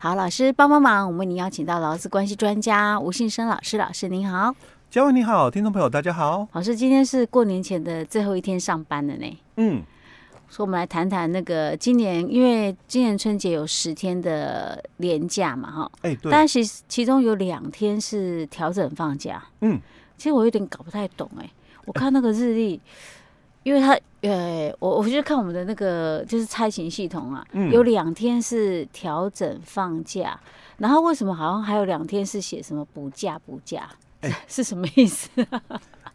好，老師幫幫忙，我們已經邀請到勞資關係專家吳信昇老師，老師您好，嘉文你好，聽眾朋友大家好，老師今天是過年前的最後一天上班了呢，嗯，所以我們來談談那個今年，因為今年春節有十天的連假嘛，哈，哎，對，但是其中有兩天是調整放假，嗯，其實我有點搞不太懂哎、欸，我看那個日曆。呃因為他，呃、欸，我，我就看我們的那個就是差勤系統啊，嗯、有兩天是調整放假，然後為什麼好像還有兩天是寫什麼補假補假？欸、是什麼意思、啊？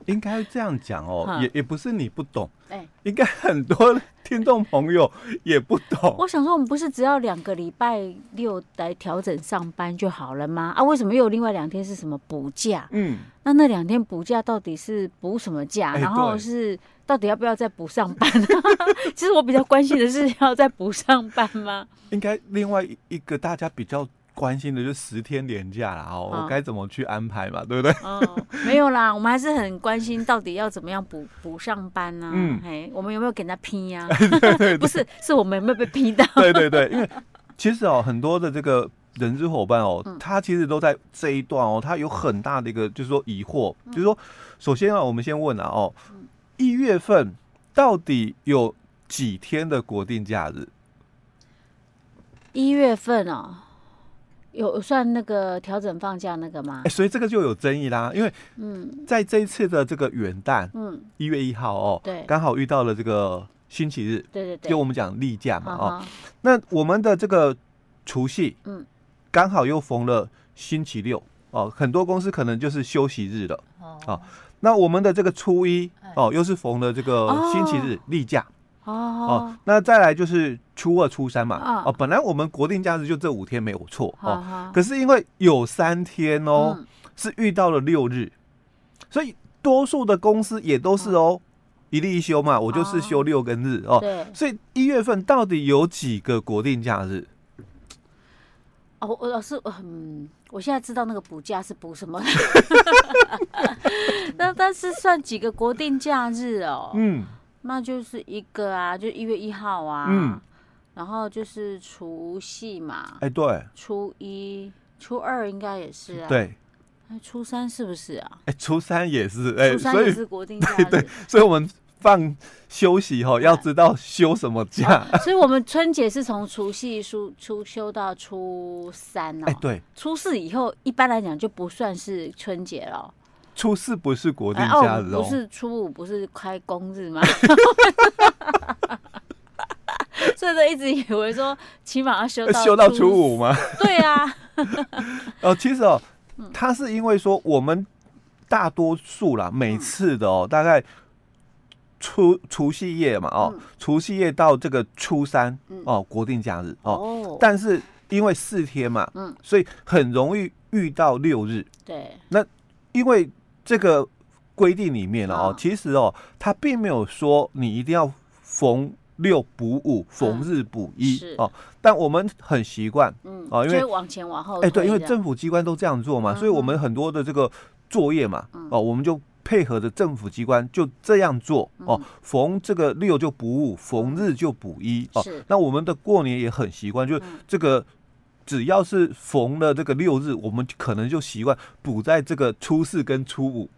應該這樣講哦、喔，呵也也不是你不懂，哎、欸，應該很多聽眾朋友也不懂。我想說，我們不是只要兩個禮拜六來調整上班就好了嗎？啊，為什麼又有另外兩天是什麼補假？嗯，那那兩天補假到底是補什麼假？欸、然後是到底要不要再補上班？對 其實我比較關心的是要再補上班嗎？應該另外一個大家比較。關心的就十天連假了哦、喔，我該怎麼去安排嘛，哦、對不對、哦？沒有啦，我們還是很關心到底要怎麼樣補補上班呢、啊？嗯，哎，我們有沒有給他批呀？不是，是我們有沒有被批到？對對對，因為其實哦，很多的這個人資夥伴哦，嗯、他其實都在這一段哦，他有很大的一個就是說疑惑，嗯、就是說，首先啊，我們先問啊，哦，一月份到底有幾天的國定假日？一月份啊、哦。有算那個調整放假那個嗎？哎、欸，所以這個就有爭議啦，因為嗯，在這一次的這個元旦，嗯，一月一號哦，對，剛好遇到了這個星期日，對對對，就我們講例假嘛，哦，uh、huh, 那我們的這個除夕，嗯，剛好又逢了星期六，哦、uh huh, 啊，很多公司可能就是休息日了，哦、uh huh. 啊，那我們的這個初一，哦、啊，又是逢了這個星期日、uh huh. 例假，哦、uh，哦、huh. 啊，那再來就是。初二、初三嘛，哦，本來我們國定假日就這五天沒有錯哦，可是因為有三天哦是遇到了六日，所以多數的公司也都是哦一例一休嘛，我就是休六跟日哦，對，所以一月份到底有幾個國定假日？哦，老師，嗯，我現在知道那個補假是補什麼，但但是算幾個國定假日哦，嗯，那就是一個啊，就一月一號啊，嗯。然後就是除夕嘛，哎、欸、對，初一、初二應該也是啊，欸、對，初三是不是啊？哎、欸、初三也是，哎、欸，初三也是國定假日，對，對，所以我們放休息後對要知道休什麼假、哦。所以我們春節是從除夕初初休到初三哦，哎、欸、對，初四以後一般來講就不算是春節了。初四不是國定假日，哦，哦不是初五不是開工日嗎？ 一直以為說起碼要修到修到初五嗎？對啊。哦、 呃，其實哦，他是因為說我們大多數啦，每次的哦，嗯、大概初除夕夜嘛，哦，除、嗯、夕夜到這個初三、嗯、哦，國定假日哦，哦但是因為四天嘛，嗯，所以很容易遇到六日。對。那因為這個規定裡面了哦，好其實哦，他並沒有說你一定要逢。六補五，逢日補一哦、嗯啊，但我們很習慣，嗯、啊、因為往前往後，哎、欸，對，因為政府機關都這樣做嘛，嗯、哼所以我們很多的這個作業嘛，哦、嗯啊，我們就配合著政府機關就這樣做哦、嗯啊，逢這個六就補五，逢日就補一哦，那我們的過年也很習慣，就這個只要是逢了這個六日，我們可能就習慣補在這個初四跟初五。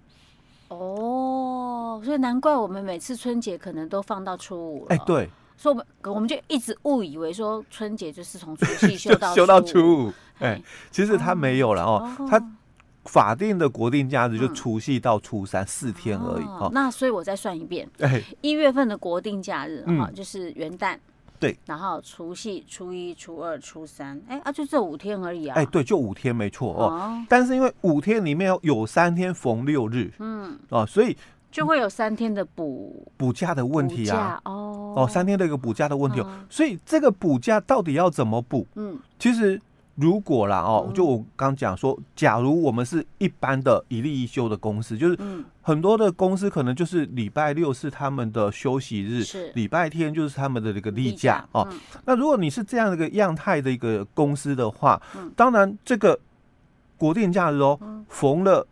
所以難怪我們每次春節可能都放到初五了。哎，對，所以我們我們就一直誤以為說春節就是從除夕休到初五。哎，其實它沒有了哦。它法定的國定假日就除夕到初三四天而已。哦，那所以我再算一遍。哎，一月份的國定假日哦，就是元旦。對。然後除夕、初一、初二、初三，哎，啊，就這五天而已啊。哎，對，就五天沒錯哦。但是因為五天裡面有三天逢六日，嗯，哦，所以。就會有三天的補補假的問題啊，哦哦，三天的一個補假的問題，嗯、所以這個補假到底要怎麼補？嗯，其實如果啦哦，就我剛講說，嗯、假如我們是一般的一例一休的公司，就是很多的公司可能就是禮拜六是他們的休息日，是禮拜天就是他們的這個例假哦，嗯、那如果你是這樣的一個樣態的一個公司的話，嗯、當然這個國定假日哦，嗯、逢了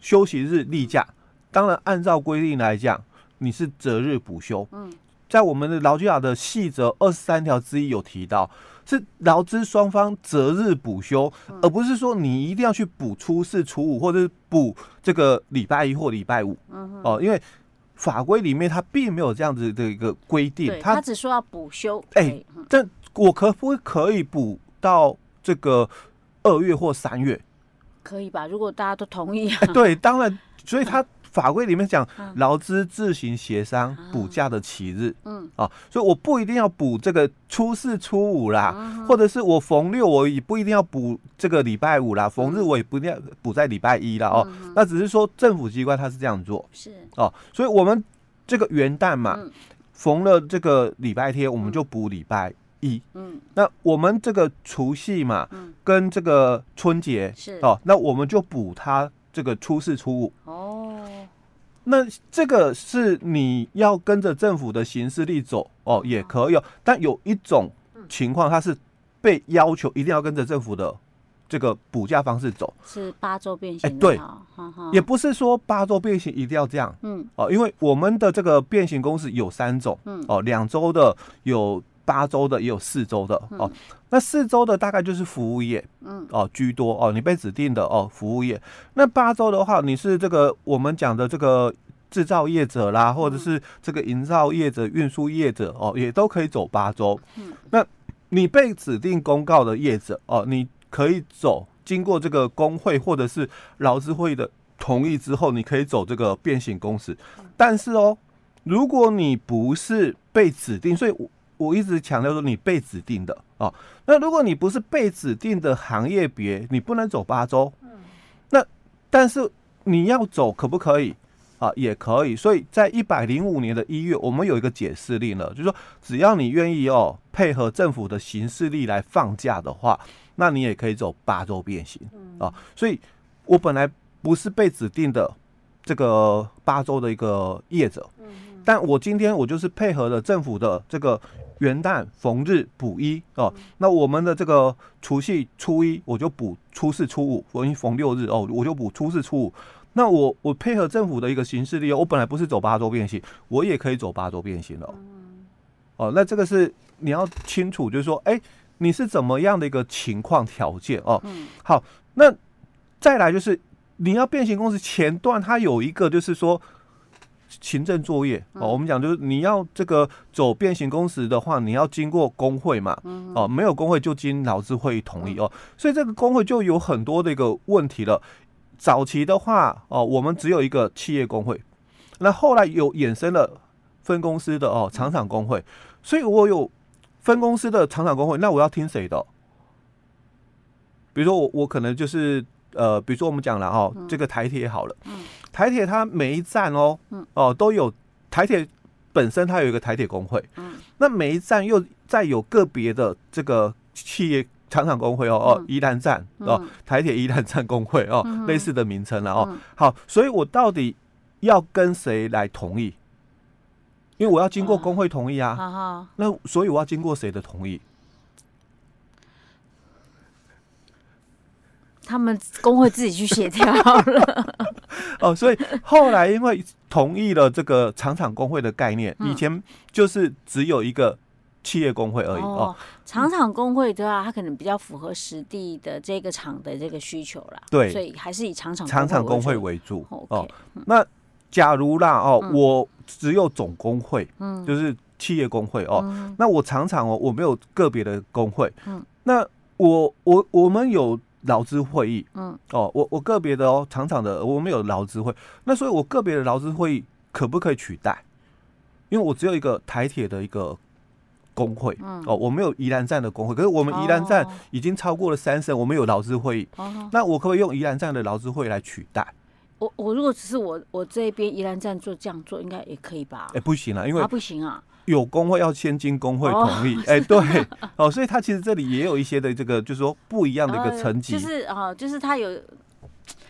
休息日例假，當然，按照規定來講，你是擇日補休。嗯，在我們的勞基法的細則二十三條之一有提到，是勞資雙方擇日補休，嗯、而不是說你一定要去補初四、初五，或者是補這個禮拜一或禮拜五。嗯、哼哦，因為法規裡面它並沒有這樣子的一個規定，對它，它只說要補休。哎、欸，嗯、但我可不可以補到這個二月或三月？可以吧？如果大家都同意、啊欸。對，當然，所以它。嗯法規裡面講勞資自行協商補假的起日，嗯啊，所以我不一定要補這個初四初五啦，或者是我逢六我也不一定要補這個禮拜五啦，逢日我也不一定要補在禮拜一了哦。那只是說政府機關它是這樣做，是哦，所以我們這個元旦嘛，逢了這個禮拜天我們就補禮拜一，嗯，那我們這個除夕嘛，跟這個春節是哦，那我們就補它這個初四初五。那這個是你要跟着政府的行事曆走哦，也可以。但有一種情況，它是被要求一定要跟着政府的這個補假方式走，是八周變形。哎、欸，對，呵呵也不是說八周變形一定要這樣。嗯，哦，因為我們的這個變形工時有三種。嗯，哦，兩周的有。八週的也有四週的哦，那四週的大概就是服務業，嗯哦，居多哦。你被指定的哦，服務業。那八週的話，你是這個我們講的這個製造業者啦，或者是這個營造業者、運輸業者哦，也都可以走八週。嗯，那你被指定公告的業者哦，你可以走經過這個工會或者是勞資會的同意之後，你可以走這個變形工時。但是哦，如果你不是被指定，所以。我一直強調說，你被指定的哦、啊，那如果你不是被指定的行業別，你不能走八週。那但是你要走可不可以啊？也可以。所以在一百零五年的一月，我們有一個解釋令了，就是說，只要你願意哦，配合政府的行事曆來放假的話，那你也可以走八週變形啊。所以，我本來不是被指定的這個八週的一個業者。但我今天我就是配合了政府的這個元旦逢日補一哦、啊，那我們的這個除夕初一我就補初四初五逢逢六日哦，我就補初四初五。那我我配合政府的一個行事曆，我本來不是走八周變形，我也可以走八周變形的哦。哦、啊，那這個是你要清楚，就是說，哎、欸，你是怎麼樣的一個情況條件哦、啊？好，那再來就是你要變形公司前段它有一個，就是說。行政作業哦，我們講就是你要這個走變形工時的話，你要經過工會嘛，哦，沒有工會就經勞資會議同意哦，所以這個工會就有很多的一個問題了。早期的話哦，我們只有一個企業工會，那後來有衍生了分公司的哦，廠場工會，所以我有分公司的廠場工會，那我要聽誰的？比如說我，我可能就是。呃，比如說我們講了哦、喔，嗯、這個台鐵好了，嗯、台鐵它每一站哦、喔，哦、嗯呃、都有台鐵本身它有一個台鐵工會，嗯、那每一站又再有個別的這個企業廠廠工會哦、喔、哦，宜蘭、嗯喔、站哦、嗯喔，台鐵宜蘭站工會哦、喔，嗯、類似的名稱了哦，嗯、好，所以我到底要跟誰來同意？因為我要經過工會同意啊，嗯嗯嗯、那所以我要經過誰的同意？他們工會自己去協調了哦，所以後來因為同意了這個廠場工會的概念，以前就是只有一個企業工會而已哦。廠場工會的話，它可能比較符合實地的這個廠的這個需求啦。對，所以還是以廠場廠場工會為主哦。那假如啦哦，我只有總工會，嗯，就是企業工會哦。那我廠場哦，我沒有個別的工會，嗯，那我我我們有。勞資會議，嗯，哦，我我個別的哦，廠廠的，我沒有勞資會，那所以我個別的勞資會議可不可以取代？因為我只有一個台鐵的一個工會，嗯、哦，我沒有宜蘭站的工會，可是我們宜蘭站已經超過了三成，哦、我們有勞資會議，哦、那我可不可以用宜蘭站的勞資會議來取代？我我如果只是我我這邊宜蘭站做這樣做，應該也可以吧？哎、欸，不行啊，因為、啊、不行啊。有工會要先經工會同意，哎，哦、欸、對，的啊、哦，所以他其實這裡也有一些的這個，就是說不一樣的一個層級、呃，就是啊、哦，就是他有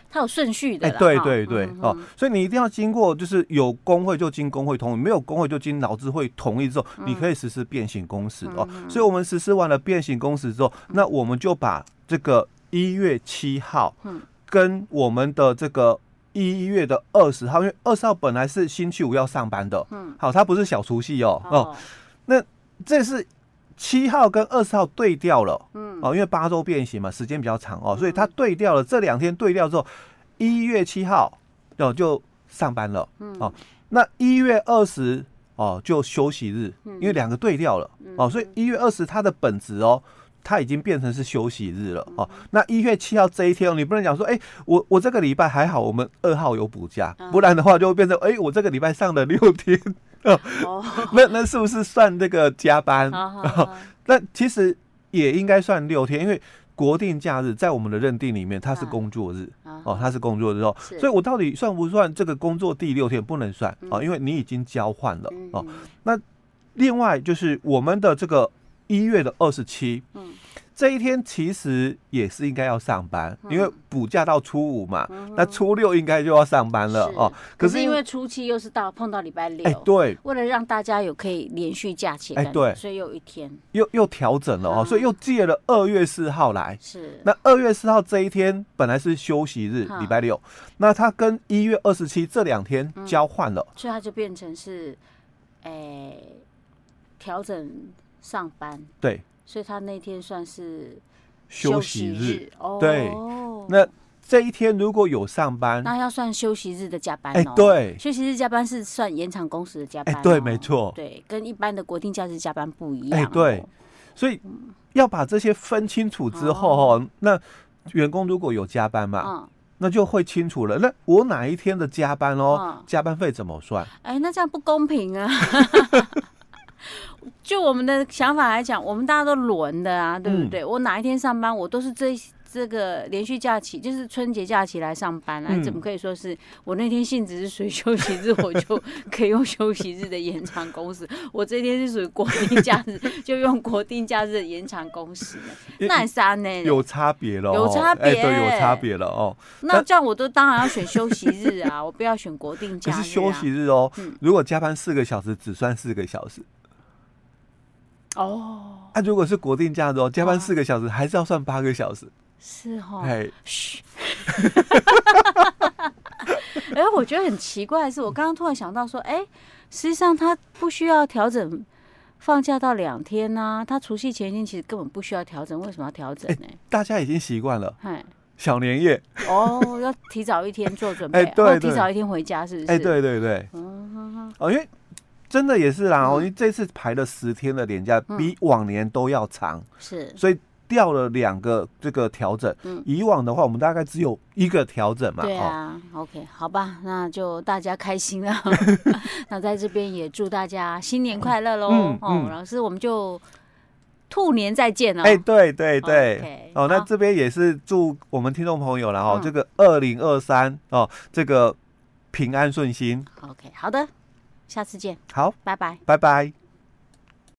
他有順序的，哎，欸、對對對，嗯、哼哦，所以你一定要經過，就是有工會就經工會同意，沒有工會就經勞資會同意之後，嗯、你可以實施變形工時、嗯、哦。所以我們實施完了變形工時之後，嗯、那我們就把這個一月七號跟我們的這個。一月的二十號，因為二十號本來是星期五要上班的，嗯，好、哦，它不是小除夕哦，哦，哦，那這是七號跟二十號對調了，嗯，哦，因為八周變形嘛，時間比較長哦，嗯、所以它對調了，這兩天對調之後，一月七號就、哦、就上班了，嗯，哦，那一月二十哦就休息日，嗯、哼因為兩個對調了，嗯、哼哦，所以一月二十它的本職哦。它已經變成是休息日了哦、嗯啊。那一月七號這一天、哦，你不能講說，誒，我我這個禮拜還好，我們二號有補假，嗯、不然的話就會變成，誒，我這個禮拜上了六天、啊、哦。那那是不是算這個加班？那、嗯啊嗯、其實也應該算六天，因為國定假日在我們的認定裡面它，啊啊嗯、它是工作日哦，它是工作日哦。所以我到底算不算這個工作第六天，不能算哦、啊，因為你已經交換了哦、嗯啊，那另外就是我們的這個。一月的二十七，嗯，這一天其實也是應該要上班，因為補假到初五嘛，那初六應該就要上班了哦。可是因為初七又是到碰到禮拜六，哎，對，為了讓大家有可以連續假期，哎，對，所以有一天又又調整了哦，所以又借了二月四號來。是，那二月四號這一天本來是休息日，禮拜六，那他跟一月二十七這兩天交換了，所以他就變成是，哎，調整。上班對，所以他那天算是休息日哦。對，那這一天如果有上班，那要算休息日的加班。哎，對，休息日加班是算延長工時的加班。哎，對，沒錯。對，跟一般的國定假日加班不一樣。哎，對。所以要把這些分清楚之後哈，那員工如果有加班嘛，那就會清楚了。那我哪一天的加班哦，加班費怎麼算？哎，那這樣不公平啊！就我們的想法來講，我們大家都輪的啊，對不對？我哪一天上班，我都是這這個連續假期，就是春節假期來上班啊。怎麼可以說是我那天性質是屬於休息日，我就可以用休息日的延長工時？我這天是屬於國定假日，就用國定假日延長工時？那三呢？有差別嘍，有差別，哎，有差別了哦。那這樣我都當然要選休息日啊，我不要選國定假日。休息日哦，如果加班四個小時，只算四個小時。哦，那如果是國定假日，加班四個小時，還是要算八個小時？是哦。哎，噓。哎，我覺得很奇怪的是，我剛剛突然想到說，哎，實際上他不需要調整放假到兩天呐。他除夕前一天其實根本不需要調整，為什麼要調整呢？大家已經習慣了。哎，小年夜哦，要提早一天做準備，然後提早一天回家，是不是？哎，對對對。嗯，哦，因為。真的也是啦哦，你這次排了十天的年假，比往年都要長，是，所以掉了兩個這個調整。嗯，以往的話，我們大概只有一個調整嘛。對啊，OK，好吧，那就大家開心了。那在這邊也祝大家新年快樂嘍。嗯，老師，我們就兔年再見哦。哎，對對對，哦，那這邊也是祝我們聽眾朋友然後這個二零二三哦，這個平安順心。OK，好的。下次見，好，拜拜，拜拜。